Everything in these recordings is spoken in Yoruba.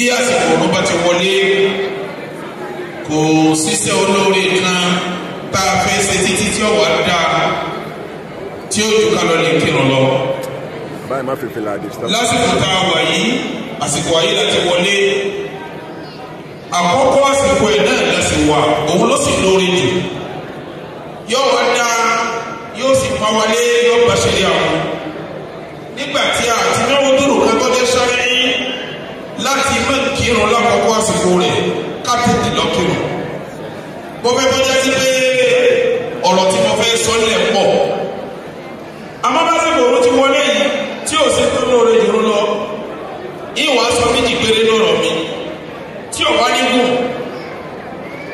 bí àsìkò ọ̀run bá ti wọlé kò ṣiṣẹ́ olóore kan tá a fẹ́ ṣe títí tí ó wà tí ó jù ká lè kírun lọ. lásìkò tá a wà yìí àsìkò ayé láti wọlé àkọ́kọ́ àsìkò ẹ̀ náà lásì wà òun ló sì lóore jù yóò wá dáa yóò sì pa wọlé. mo fẹ́ kọjá sí pé ọ̀rọ̀ tí mo fẹ́ sọ nílẹ̀ pọ̀ amábásẹ́kọ̀ òun ti wọlé yìí tí ò sí tó lóore ìrún lọ ìwà sọ méjì péré lọ́rọ̀ mi tí ò bá ní kù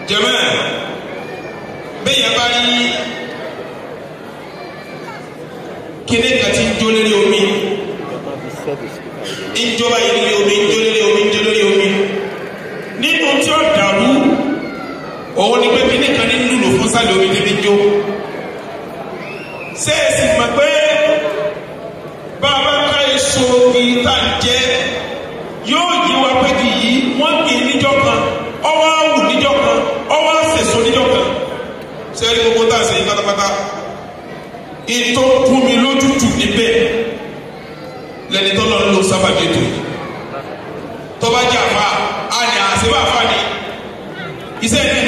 jẹ́mẹ́ bẹ́yẹn bá ní kíní kan ti ń jó lórí omi ń jó lórí omi. bá ètò kún mi lójútù níbẹ̀ lẹni tó lọ lò sábàbí ètò yìí tọ́ba jẹ́ àfa àní àṣebá àfa ni iṣẹ́ ìdí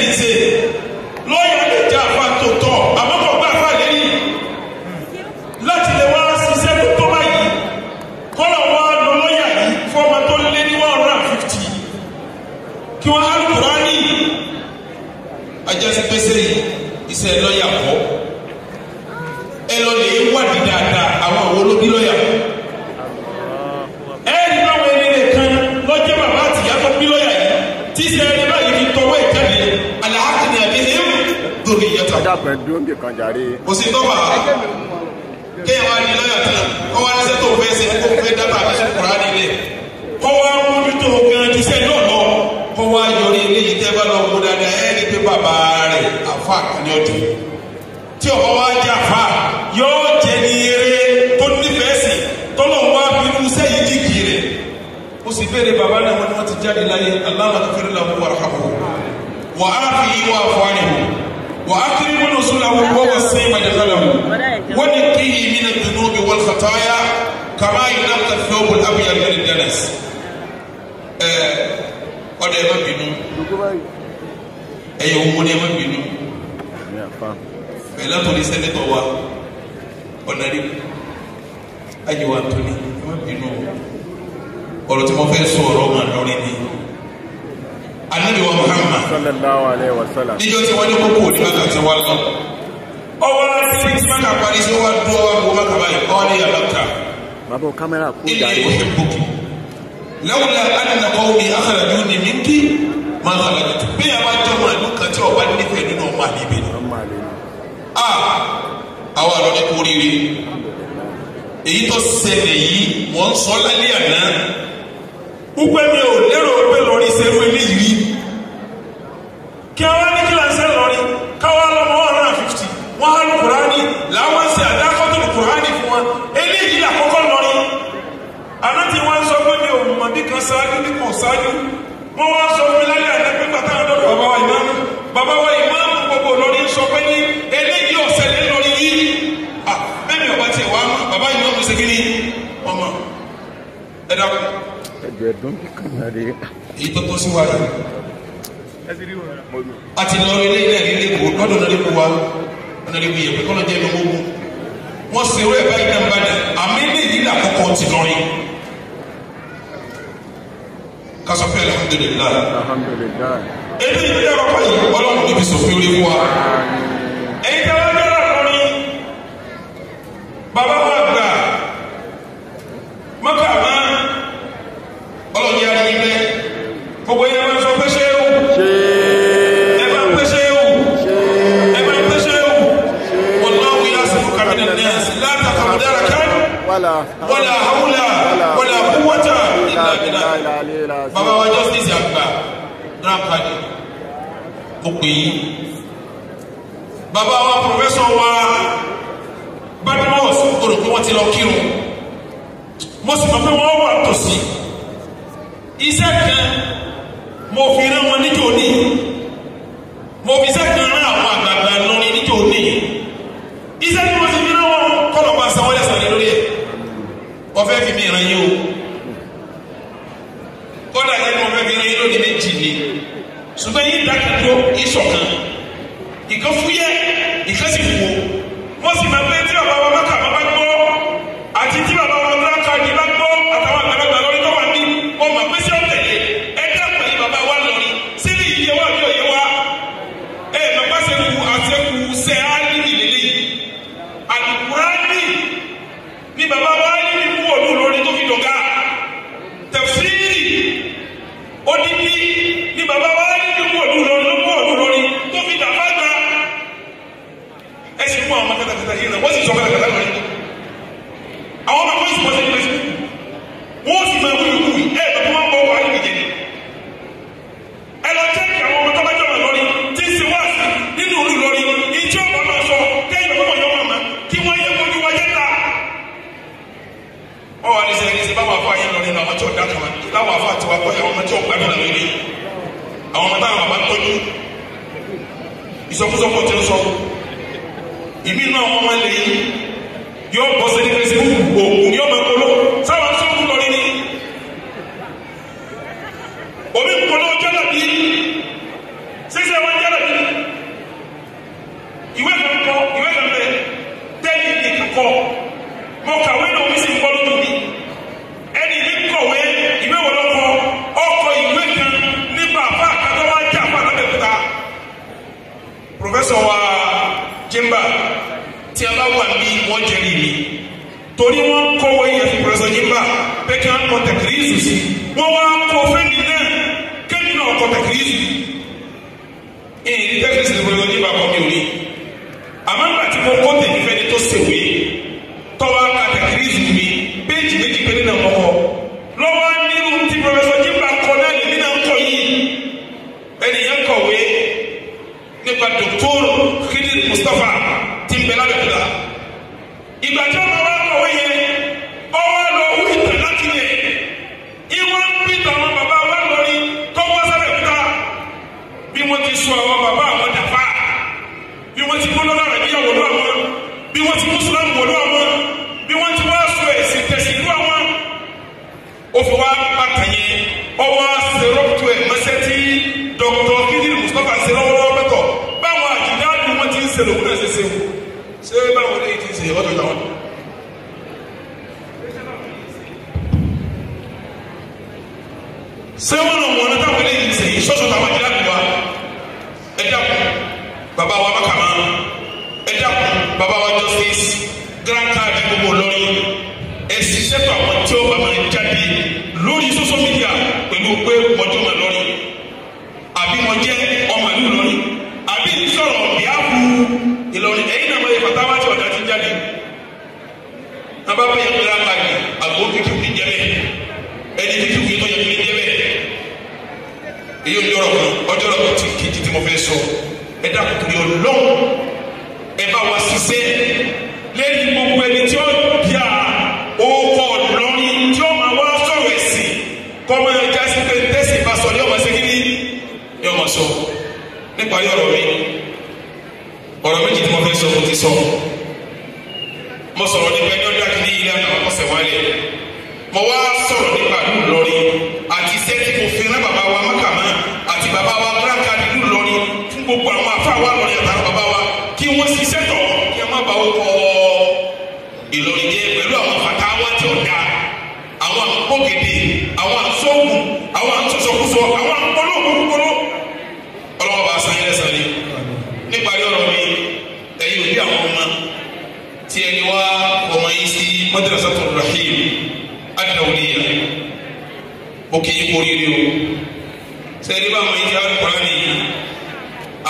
àwọn olóbi lọ́yà ah. ẹ̀rí náwọn eléré kan lọ́jọ́ bàbá àtìyá tó bí lọ́yà yìí tí sẹ́yìn báyìí fi tọwọ́ ìjáde aláàkìní àbí hẹ́m lórí ìyẹta. ọjà pẹ̀ dúró bí kan jàre. kò sí tọ́wọ́ kéèyàn wá ní lọ́yà tán kọ́ wá lẹ́sẹ̀ tó fẹ́ ṣe kó fẹ́ dábàá àti kùrá nílé kọ́ wá mójútó gan ju náà lọ kọ́ wá yọrí eléyìí tẹ́ bá lọ wọ dáadáa ẹ̀rí pé bàbá rẹ̀ àfa àkànní ọdún tí ọ̀pọ̀ wá já béèrè bàbá náà wọn ni wọn ti jáde láyé aláwọ kiri la wọn rahamu wà á fi ìwà àfọwọ́nì wà á kiri múnú sùn làwọn wọ́n wọ́n sẹ́yìn màdàkàlàmù wọ́n ni kí ìmí na dunu bí wọ́n fataya kàmá yìí náà ta fi ọ̀bùn abiyá lórí dennis ẹ ọ̀dà ẹ̀ má bínú ẹ̀yẹ̀ wọ́n ní ẹ̀ má bínú bẹ̀rẹ̀ látọ̀ni sẹ́nẹ̀tọ̀ wa ọ̀nàrí ayé wa tóni ẹ̀ má bínú ọ̀rọ̀ tí mo fẹ́ sọ ọ̀rọ̀ mà lórí ni anabi wa muhammad sallallahu alayhi wa sallam níjọ́ tí wọ́n ní kókó ní maka ti wá lọ ọwọ́ síbi tí maka parí sí wá dúró wá kó maka báyìí ọ́ ní yàrá bàbá o kámẹ́rà kú jàre ilé ìwé bùkì lawla anna qawmi akhrajuni minki ma kharajtu bẹ́ẹ̀ bá jọ màá ní kan tí ọba nífẹ̀ẹ́ nínú ọmọ àlebè ni àwọn àlọ́ ní kórìíre èyí tó ṣẹlẹ̀ yìí wọ́n sọ lálẹ́ àná wípé mi ò lérò pé lórí ṣerú eléyìí rí kí a wá ní kí lásán lọrin káwá lọmọ one hundred and fifty wọn hàn kùránì làwọn ṣe àdákọ́tò kùránì fún wọn eléyìí àkọ́kọ́ lọrin aná tí wọ́n sọ pé mi ò mọ̀ bí kan ṣáájú bí kan ṣáájú wọ́n wá sọ pé. ọdún kanare. èyí tó tó sí wa rẹ̀ a ti lọ ilé ilé ilé kò lọ́dọ̀ náà lè kó wa ọ̀nà lè wuyẹ̀ pé kọ́lọ́ jẹ́ ẹ̀mí owó wọ́n ṣe ewé ẹ̀bá ìdá ìbàdàn àmì ní ìdílé àkọ́kọ́ ti lọ rí. kásọ̀ fẹ́ alihamudulilayi. ebi ìdílé àkọ́kọ́ yìí ọlọ́run tóbi sòfin orí fún wa. ẹ̀yin tí a bá dé ọ̀rọ̀ kọrin bàbá wa. justice àgbà grandpadi mo pè yí bàbá wa professor wa Badmus mo rò pé wọ́n ti lọ kírun mo sì mọ̀ pé wọ́n wà tòsí iṣẹ́ kan mo fi rán wọn níjọ́ ní mo fi iṣẹ́ kan. wà yẹn lọ nínú àwọn tí ò dá kama láwọn afọ àti wakọ yẹn àwọn ọmọ tí ò gbádùn àwọn ilé àwọn ọmọ táwọn àbá tọjú ìsọkúsọ kò tí ń sọ ìbí náà wọn máa lè yí yóò bọ́ sẹ́ni fẹsẹ̀ òògùn yóò torí wọ́n kọ́ wọ iye pẹ̀sọ̀ yìí bá pé kí wọ́n kọ́ tẹ̀kìrìsì sí wọ́n wá kọ́ fẹ́mi náà kémi náà kọ́ tẹ̀kìrìsì. ìyìn tẹ́kìrìsì ní pẹ̀sọ̀ yìí bá kọ́ mi ò ní. àmọ́ nígbà tí mo kọ́ tèmi fẹ́ni tó ṣèwé tọ́wọ́ ka tẹ̀kìrìsì mi péjì méjì péré náà mọ́ kọ́. lọ́wọ́ nínú ti pẹ̀sọ̀ yìí kọ́ náà lèmi náà kọ́ yìí. ẹnìyàn kọ̀wé nípa dòktór Khidir Mustafa ti ń bẹ lábẹ́ ìgbà tí wọ́n máa bí wọ́n ti mùsùlùmí wọlé àwọn bí wọ́n ti wá sọ ẹ̀sìn tẹ̀sí ìlú àwọn ó fi wá pàtàyè ọwọ́ sèrọ́pùtù ẹ̀ mẹ́sẹ̀tì dọ́kítọ̀ kíndìn mustapha sèrọ́wọ́lọ́wọ́ bẹ́tọ̀ báwọn àjùdá ni wọ́n ti ń ṣẹlẹ̀ òkú náà ṣe ṣe wò ṣé báwọn lè ti ṣe ọjọ́ ìjà wọn. sẹ́wọ́n náà wọ̀n náà táwọn lè ti ṣe ìṣọ́ṣọ́ táwọn àjùdá ni wa ẹ̀dá bàbá wa bá kà bàbá wa justice grand card gbogbo lọ́rin ẹ ṣiṣẹ́ fún àwọn tí ó bá máa jáde lórí social media pẹ̀lú pé mọ̀jọ́ máa lọ́rin àbí mo jẹ́ ọmọ ìlú lọ́rin àbí ìsọ̀rọ̀ ìyáàbù Ìlọrin ẹ̀yin náà máa yẹ fàtàwá tí ọ̀dà ti jáde nàbà bá yẹ grand card àgbo tuntun kì í jẹ bẹ́ẹ̀ ẹni tuntun kì í tó yẹ kì í jẹ bẹ́ẹ̀ èyí ò ní ọ̀rọ̀ kan ọjọ́ ọ̀rọ̀ kan ti kejì tí mo fẹ́ sọ ẹ dákun kiri ọlọ́run ẹ bá wa ṣiṣẹ́ lẹ́yìn gbogbo ẹni tí ó yà ókọ̀ lọ́rin tí ó máa wá sọ̀rọ̀ ẹ̀sìn kọ́ máa já sí pé tẹ́sí bá sọ ní ọmọ ṣẹ́gi ní ní ọmọ sọ nípa yọ ọ̀rọ̀ mi ọ̀rọ̀ méjì tí mo fẹ́ sọ mo ti sọ mo sọ̀rọ̀ nípa ẹni ọdún àti ní ilé àná ọ̀sẹ̀ wálé mo wá sọ̀rọ̀ nípa àdúgbò lọ́rin àti iṣẹ́ tí mo fi rán bàbá orúkọ Ìlọrin jẹ́ pẹ̀lú àwọn fàtàwá tí ó dáa àwọn àpòkèdè àwọn àtúnṣòwò àwọn àtúnṣòkúṣọ àwọn àpolókòkòrò ọlọ́wọ́ bá san ilé sanni níparí ọ̀rọ̀ mi ẹ̀yin òbí àwọn ọmọ tí ẹni wá ọmọ yìí sí Madrasatul Rahim Ad-Dawliya ó kì í kórè rí o sẹ́ni bá wọn yìí ti àwọn Kùránì yìí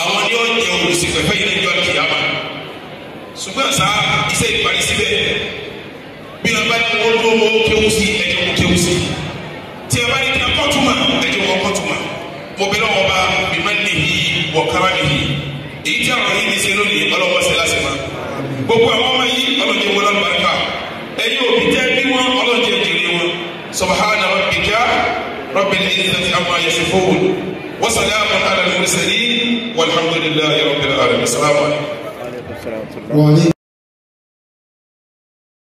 àwọn ni ó jẹun sí pẹ̀fẹ́ yìí ní ìjọ àti ìyá bá ṣùgbọ́n sá iṣẹ́ ìparí síbẹ̀ bí wọn bá ní wọn lówó kéwù sí ẹjọ́ wọn kéwù sí tí wọn bá ní kí wọn kọ́ tuma ẹjọ́ wọn kọ́ tuma mo bẹ lọ́wọ́ bá bí má lè yí wọ kára mi yìí èyí tí àwọn yìí ní ṣe lónìí ọlọ́wọ́ ṣe láti ma gbogbo àwọn ọmọ yìí ọlọ́jẹ wọn lọ́nà bàrẹ́kà ẹ̀yin òbí tẹ́ bí wọn ọlọ́jẹ jèrè wọn subhana rabbika rabbil izzati amma yasifun wa salamun ala al-mursalin walhamdulillahi rabbil alamin salamu alaykum. 我。